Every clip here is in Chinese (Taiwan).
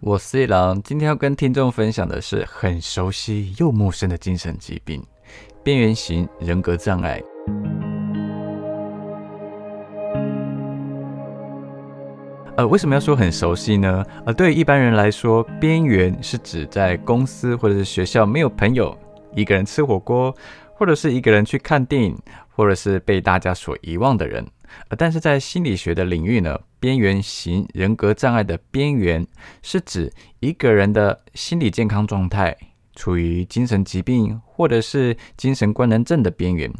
我是一郎，今天要跟聽眾分享的是很熟悉又陌生的精神疾病——邊緣型人格障礙。呃，為什麼要說很熟悉呢？呃，對於一般人來說，邊緣是指在公司或者是學校沒有朋友，一個人吃火鍋，或者是一個人去看電影，或者是被大家所遺忘的人。呃，但是在心理學的領域呢，邊緣型人格障礙的邊緣是指一個人的心理健康狀態處於精神疾病或者是精神官能症的邊緣。誒、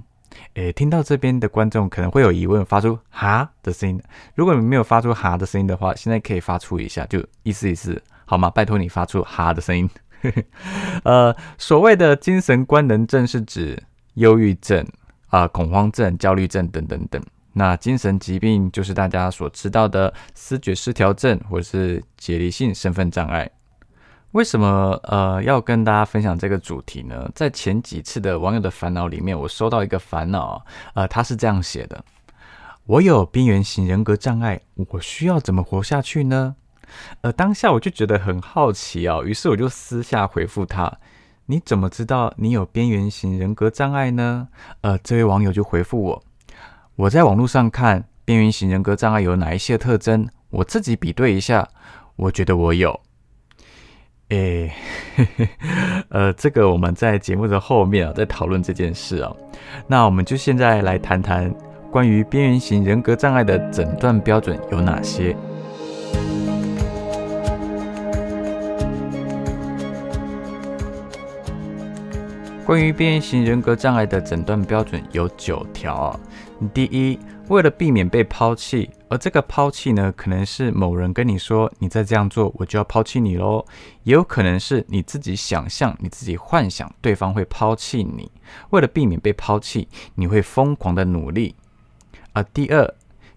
欸，聽到這邊的觀眾可能會有疑問，發出“哈”的聲音。如果你沒有發出“哈”的聲音的話，現在可以發出一下，就意思意思，好嗎？拜托你發出“哈”的聲音。 呃，所謂的精神官能症是指憂鬱症啊、呃、恐慌症、焦慮症等等等。那精神疾病就是大家所知道的思覺失調症，或者是解離性身份障礙。為什麼呃要跟大家分享這個主題呢？在前幾次的網友的煩惱裡面，我收到一個煩惱呃，他是這樣寫的：我有邊緣型人格障礙，我需要怎麼活下去呢？呃，當下我就覺得很好奇啊、哦，於是我就私下回復他：你怎麼知道你有邊緣型人格障礙呢？呃，這位網友就回復我。我在網絡上看邊緣型人格障礙有哪一些特徵，我自己比對一下，我覺得我有。哎、欸，呃，這個我們在節目的後面啊，再討論這件事啊。那我們就現在來談談關於邊緣型人格障礙的診斷標準有哪些。關於邊緣型人格障礙的診斷標準有九條啊。第一，為了避免被拋棄，而這個拋棄呢，可能是某人跟你說，你再這樣做，我就要拋棄你嘍，也有可能是你自己想象、你自己幻想對方會拋棄你。為了避免被拋棄，你會瘋狂的努力。而第二，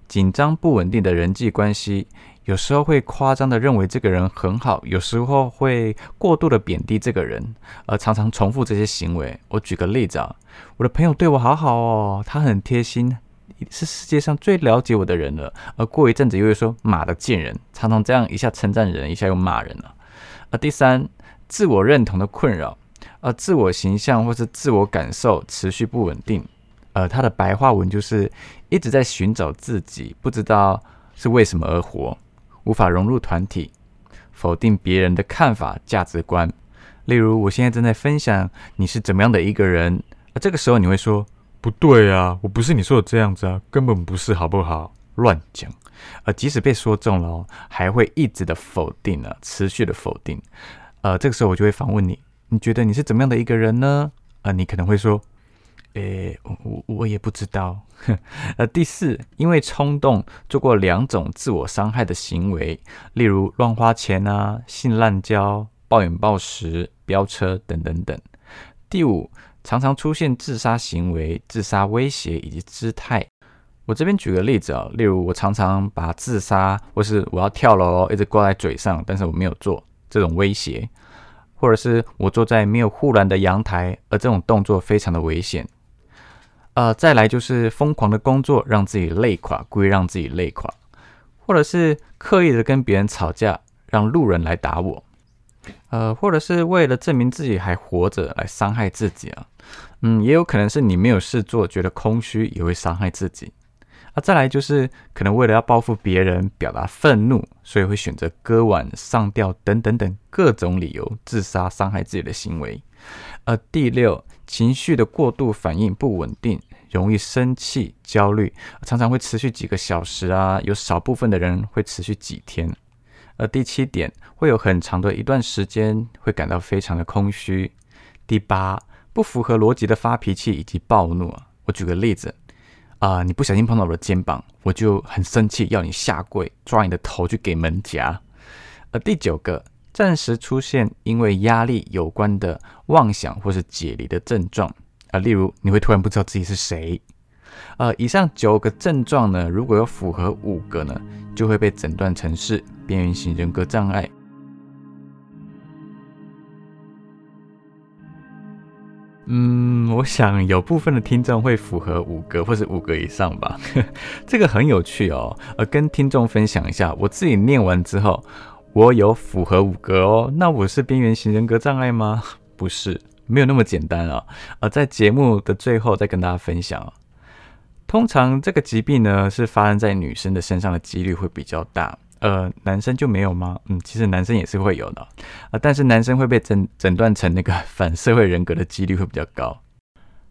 緊張不穩定的人際關係。有時候會誇張的認為這個人很好，有時候會過度的貶低這個人，而、呃、常常重復這些行為。我舉個例子啊，我的朋友對我好好哦，他很貼心，是世界上最了解我的人了。而、呃、過一陣子又會說媽的賤人，常常這樣一下稱讚人，一下又罵人了。啊，第三，自我認同的困擾，呃，自我形象或是自我感受持續不穩定。呃，他的白話文就是一直在尋找自己，不知道是為什麼而活。無法融入團體，否定別人的看法、價值觀。例如，我現在正在分享你是怎麼樣的一個人，而這個時候你會說不對啊，我不是你說的這樣子啊，根本不是，好不好？亂講。即使被說中了，還會一直的否定啊，持續的否定。呃，這個時候我就會反問你，你覺得你是怎麼樣的一個人呢？啊、呃，你可能會說。誒、欸，我我，我也不知道。 呃，第四，因為衝動做過兩種自我傷害的行為，例如亂花錢啊、性濫交、暴飲暴食、飆車等等等。第五，常常出現自殺行為、自殺威脅以及姿態。我這邊舉個例子啊、哦，例如我常常把自殺或是我要跳樓一直掛在嘴上，但是我沒有做這種威脅，或者是我坐在沒有護欄的陽台，而這種動作非常的危險。呃，再來就是瘋狂的工作，讓自己累垮，故意讓自己累垮，或者是刻意的跟別人吵架，讓路人來打我，呃，或者是為了證明自己還活着來傷害自己啊，嗯，也有可能是你沒有事做，覺得空虛，也會傷害自己。啊、呃，再來就是可能為了要報復別人，表達憤怒，所以會選擇割腕、上吊等等等各種理由自殺、傷害自己的行為。呃，第六。情緒的過度反應不穩定，容易生氣、焦慮，常常會持續幾個小時啊，有少部分的人會持續幾天。而第七點，會有很長的一段時間會感到非常的空虛。第八，不符合邏輯的發脾氣以及暴怒啊，我舉個例子，啊、呃，你不小心碰到我的肩膀，我就很生氣，要你下跪，抓你的頭去給門夾。而第九個。暫時出現因為壓力有關的妄想或是解離的症狀啊、呃，例如你會突然不知道自己是誰。呃，以上九個症狀呢，如果有符合五個呢，就會被診斷成是邊緣型人格障礙。嗯，我想有部分的聽眾會符合五個或是五個以上吧， 這個很有趣哦。呃，跟聽眾分享一下，我自己念完之後。我有符合五個哦，那我是邊緣型人格障礙嗎？不是，沒有那麼簡單啊！呃，在節目的最後再跟大家分享啊。通常這個疾病呢，是發生在女生的身上的幾率會比較大，呃，男生就沒有嗎？嗯，其實男生也是會有的啊，呃，但是男生會被診診斷成那個反社會人格的幾率會比較高。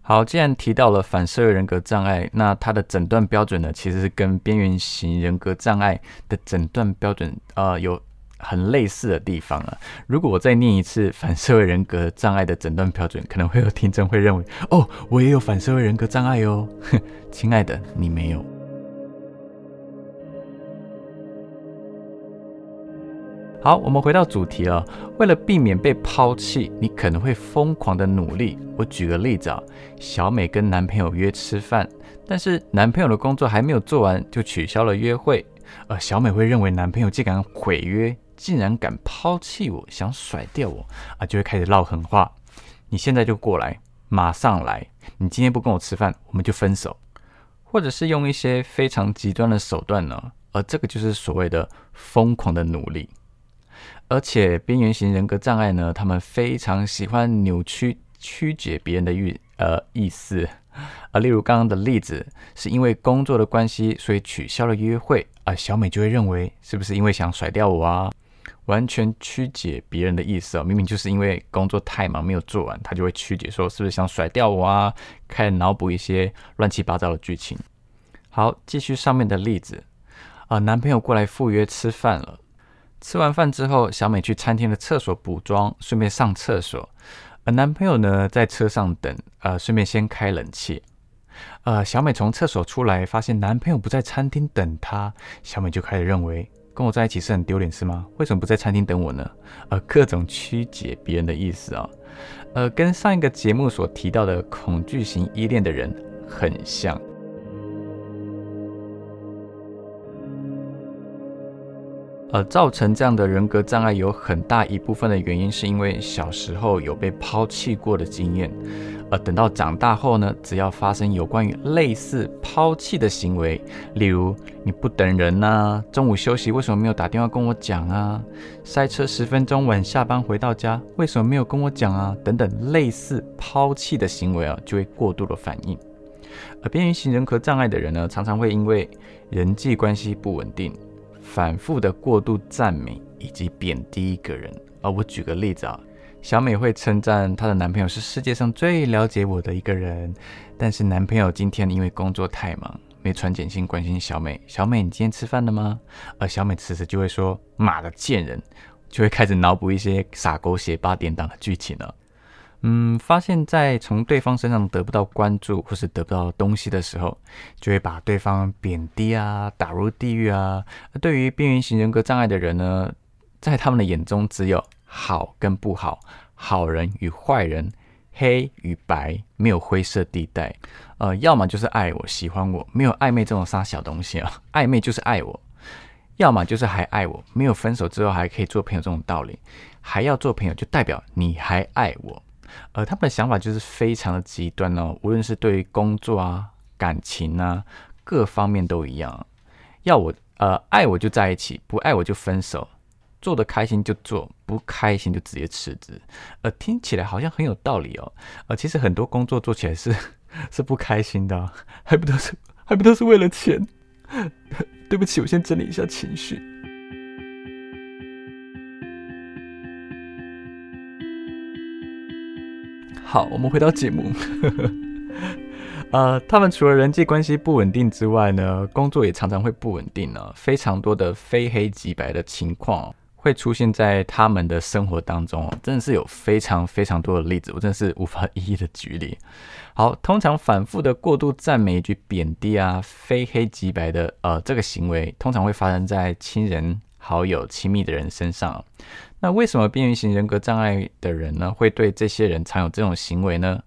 好，既然提到了反社會人格障礙，那它的診斷標準呢，其實是跟邊緣型人格障礙的診斷標準呃有。很類似的地方了、啊。如果我再念一次反社會人格障礙的診斷標準，可能會有聽眾會認為：哦，我也有反社會人格障礙喲、哦。哼，親愛的，你沒有。好，我們回到主題了。為了避免被拋棄，你可能會瘋狂的努力。我舉個例子啊、哦，小美跟男朋友約吃飯，但是男朋友的工作還沒有做完，就取消了約會。而、呃、小美會認為男朋友竟敢毀約。竟然敢拋棄我，想甩掉我啊，就會開始撂狠話。你現在就過來，馬上來！你今天不跟我吃飯，我們就分手。或者是用一些非常極端的手段呢？而這個就是所謂的瘋狂的努力。而且邊緣型人格障礙呢，他們非常喜歡扭曲曲解別人的意呃意思。而例如剛剛的例子，是因為工作的關係，所以取消了約會啊，小美就會認為是不是因為想甩掉我啊？完全曲解別人的意思哦，明明就是因為工作太忙沒有做完，他就會曲解說是不是想甩掉我啊？開始腦補一些亂七八糟的劇情。好，繼續上面的例子，呃，男朋友過來赴約吃飯了。吃完飯之後，小美去餐廳的廁所補妝，順便上廁所。而、呃、男朋友呢，在車上等，呃，順便先開冷氣。呃，小美從廁所出來，發現男朋友不在餐廳等她，小美就開始認為。跟我在一起是很丟臉是嗎？為什麼不在餐廳等我呢？呃，各種曲解別人的意思啊。呃，跟上一個節目所提到的恐懼型依戀的人很像。而造成這樣的人格障礙有很大一部分的原因，是因為小時候有被拋棄過的經驗。而等到長大後呢，只要發生有關於類似拋棄的行為，例如你不等人吶、啊，中午休息為什麼沒有打電話跟我講啊？塞車十分鐘，晚下班回到家為什麼沒有跟我講啊？等等類似拋棄的行為啊，就會過度的反應。而邊緣型人格障礙的人呢，常常會因為人際關係不穩定，反覆的過度讚美以及貶低一個人，而、哦、我舉個例子啊，小美會稱讚她的男朋友是世界上最了解我的一個人，但是男朋友今天因為工作太忙沒傳簡訊，關心小美，小美你今天吃飯了嗎？而小美此時就會說媽的賤人，就會開始腦補一些撒狗血八點檔的劇情了、啊。嗯，發現在從對方身上得不到關注或是得不到東西的時候，就會把對方貶低啊，打入地獄啊。對於邊緣型人格障礙的人呢，在他們的眼中只有好跟不好，好人與壞人，黑與白，沒有灰色地帶。呃，要麼就是愛我喜歡我，沒有曖昧這種啥小東西啊，曖昧就是愛我，要麼就是還愛我，沒有分手之後還可以做朋友這種道理，還要做朋友就代表你還愛我。呃，他們的想法就是非常的極端哦，無論是對於工作啊、感情啊，各方面都一樣。要我呃愛我就在一起，不愛我就分手，做得開心就做，不開心就直接辭職。呃，聽起來好像很有道理哦。呃，其實很多工作做起來是是不開心的哦，還不都是還不都是為了錢。對不起，我先整理一下情緒。好，我們回到節目。 呃，他們除了人際關係不穩定之外呢，工作也常常會不穩定呢、啊。非常多的非黑即白的情況、啊、會出現在他們的生活當中、啊，真的是有非常非常多的例子，我真的是無法一一的舉例。好，通常反覆的過度讚美去貶低啊，非黑即白的呃這個行為，通常會發生在親人好友親密的人身上，那為什麼邊緣型人格障礙的人呢，會對這些人常有這種行為呢？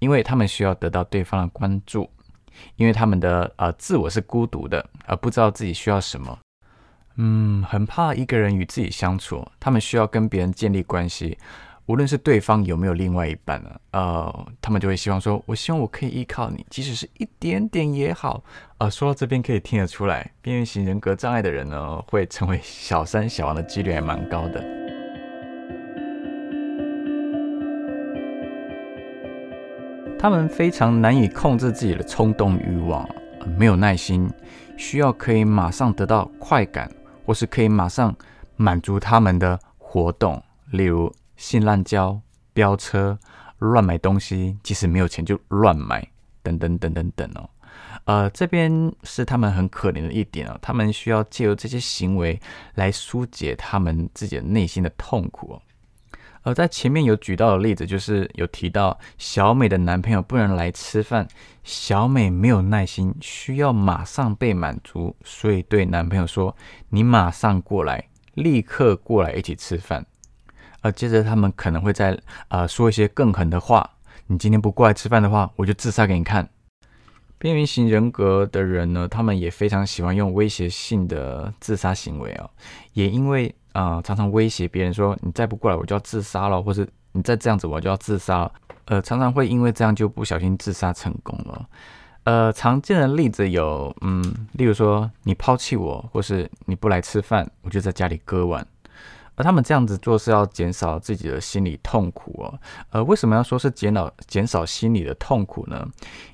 因為他們需要得到對方的關注，因為他們的呃自我是孤獨的，而不知道自己需要什麼。嗯，很怕一個人與自己相處，他們需要跟別人建立關係。無論是對方有沒有另外一半呢？呃，他們就會希望說：“我希望我可以依靠你，即使是一點點也好。”呃，啊，說到這邊可以聽得出來，邊緣型人格障礙的人呢，會成為小三小王的幾率還蠻高的。他們非常難以控制自己的衝動欲望，呃，沒有耐心，需要可以馬上得到快感，或是可以馬上滿足他們的活動，例如。性濫交、飆車、亂買東西，即使沒有錢就亂買，等、等等等等等哦。呃，這邊是他們很可憐的一點哦，他們需要借由這些行為來疏解他們自己的內心的痛苦哦。而、呃、在前面有舉到的例子，就是有提到小美的男朋友不能來吃飯，小美沒有耐心，需要馬上被滿足，所以對男朋友說：“你馬上過來，立刻過來一起吃飯。”呃，接着他們可能會再呃說一些更狠的話，你今天不過來吃飯的話，我就自殺給你看。邊緣型人格的人呢，他們也非常喜歡用威脅性的自殺行為哦，也因為啊、呃、常常威脅別人說，你再不過來我就要自殺了，或是你再這樣子我就要自殺。呃，常常會因為這樣就不小心自殺成功了。呃，常見的例子有，嗯，例如說你拋棄我，或是你不來吃飯，我就在家裡割腕。而他們這樣子做是要減少自己的心理痛苦哦，呃，為什麼要說是減腦減少心理的痛苦呢？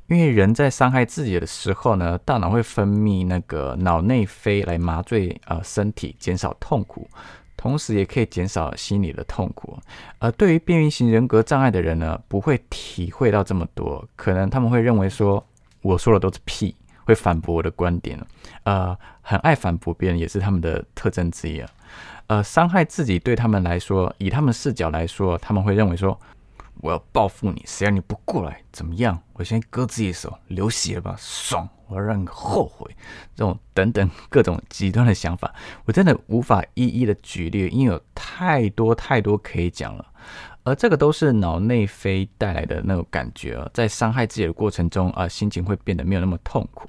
因為人在傷害自己的時候呢，大腦會分泌那個腦內啡來麻醉呃身體，減少痛苦，同時也可以減少心理的痛苦。而，呃，對於邊緣型人格障礙的人呢，不會體會到這麼多，可能他們會認為說我說的都是屁。會反駁我的觀點。呃，很愛反駁別人也是他們的特徵之一啊，呃，傷害自己對他們來說，以他們視角來說，他們會認為說，我要報復你，誰讓你不過來，怎麼樣，我先割自己手，流血吧，爽，我要讓你後悔，這種等等各種極端的想法，我真的無法一一的舉例，因為有太多太多可以講了，而這個都是腦內啡帶來的那種感覺啊，在傷害自己的過程中啊，呃，心情會變得沒有那麼痛苦。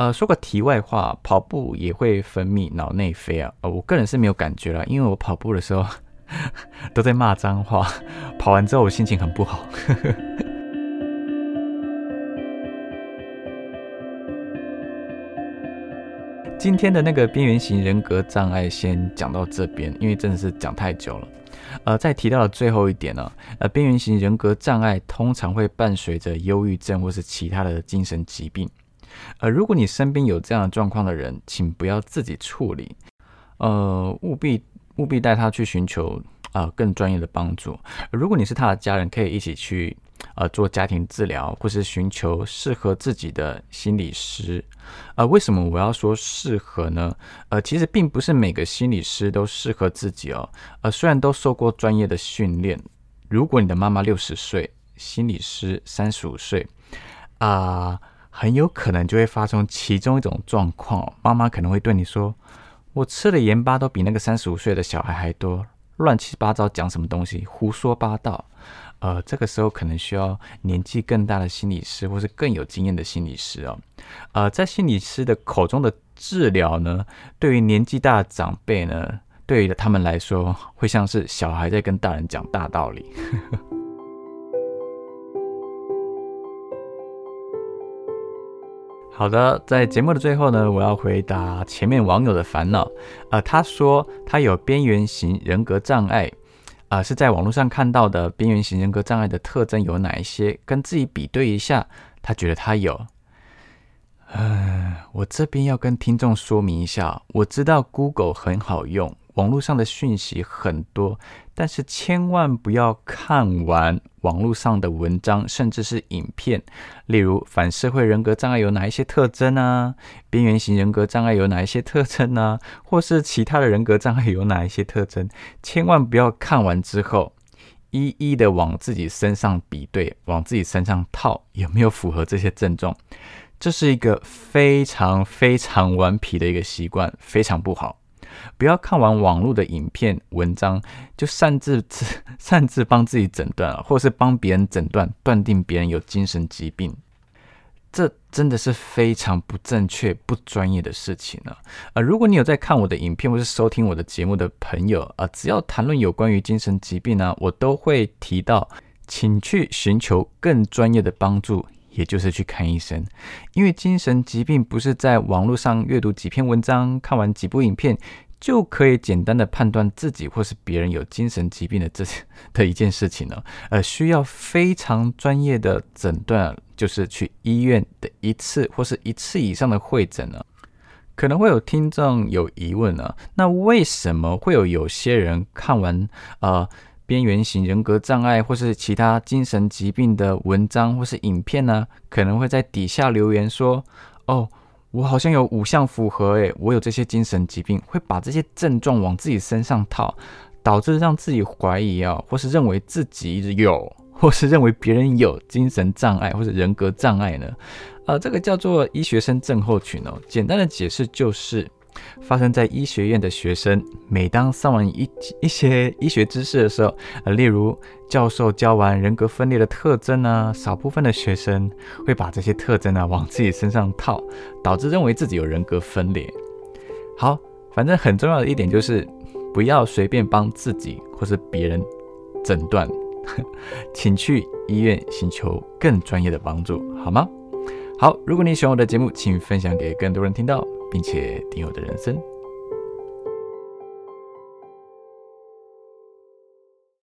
呃，說個題外話，跑步也會分泌腦內啡啊。呃，我個人是沒有感覺啦，因為我跑步的時候都在罵髒話，跑完之後我心情很不好。 今天的那個邊緣型人格障礙先講到這邊，因為真的是講太久了。呃，再提到的最後一點呢，呃，邊緣型人格障礙通常會伴隨着憂鬱症或是其他的精神疾病。呃，如果你身邊有這樣的狀況的人，請不要自己處理，呃，務必務必帶他去尋求啊，呃，更專業的幫助，呃。如果你是他的家人，可以一起去呃做家庭治療，或是尋求適合自己的心理師。呃，為什麼我要說適合呢？呃，其實並不是每個心理師都適合自己哦。呃，雖然都受過專業的訓練，如果你的媽媽六十歲，心理師三十五歲，啊，呃。很有可能就會發生其中一種狀況，媽媽可能會對你說：“我吃的鹽巴都比那個三十五歲的小孩還多，亂七八糟講什麼東西，胡說八道。”呃，這個時候可能需要年紀更大的心理師，或是更有經驗的心理師哦。呃，在心理師的口中的治療呢，對於年紀大的長輩呢，對於他們來說，會像是小孩在跟大人講大道理。 好的，在節目的最後呢，我要回答前面網友的煩惱。呃，他說他有邊緣型人格障礙，啊，呃，是在網絡上看到的邊緣型人格障礙的特徵有哪一些，跟自己比對一下，他覺得他有。呃，我這邊要跟聽眾說明一下，我知道 Google 很好用。網絡上的訊息很多，但是千萬不要看完網絡上的文章，甚至是影片，例如反社會人格障礙有哪一些特徵呢、啊？邊緣型人格障礙有哪一些特徵呢、啊？或是其他的人格障礙有哪一些特徵？千萬不要看完之後，一一的往自己身上比對，往自己身上套，有沒有符合這些症狀？這是一個非常非常頑皮的一個習慣，非常不好。不要看完網絡的影片、文章就擅自，擅自幫自己診斷，或是幫別人診斷，斷定別人有精神疾病，這真的是非常不正確、不專業的事情啊。呃，如果你有在看我的影片或是收聽我的節目的朋友啊，呃，只要談論有關於精神疾病呢，啊，我都會提到，請去尋求更專業的幫助。也就是去看醫生，因為精神疾病不是在網絡上閱讀幾篇文章、看完幾部影片就可以簡單的判斷自己或是別人有精神疾病的這的一件事情呢、哦，而、呃、需要非常專業的診斷，就是去醫院的一次或是一次以上的會診呢，可能會有聽眾有疑問了、啊，那為什麼會有有些人看完啊？呃邊緣型人格障礙或是其他精神疾病的文章或是影片呢，可能會在底下留言說：“哦，我好像有五項符合，哎，我有這些精神疾病，會把這些症狀往自己身上套，導致讓自己懷疑啊、哦，或是認為自己有，或是認為別人有精神障礙或者人格障礙呢。呃”啊這個叫做醫學生症候群哦。簡單的解釋就是。發生在醫學院的學生，每當上完一一些醫學知識的時候，呃，例如教授教完人格分裂的特徵呢、啊，少部分的學生會把這些特徵呢、啊、往自己身上套，導致認為自己有人格分裂。好，反正很重要的一點就是，不要隨便幫自己或是別人診斷， 請去醫院尋求更專業的幫助，好嗎？好，如果你喜歡我的節目，請分享給更多人聽到。並且，訂閱的人生。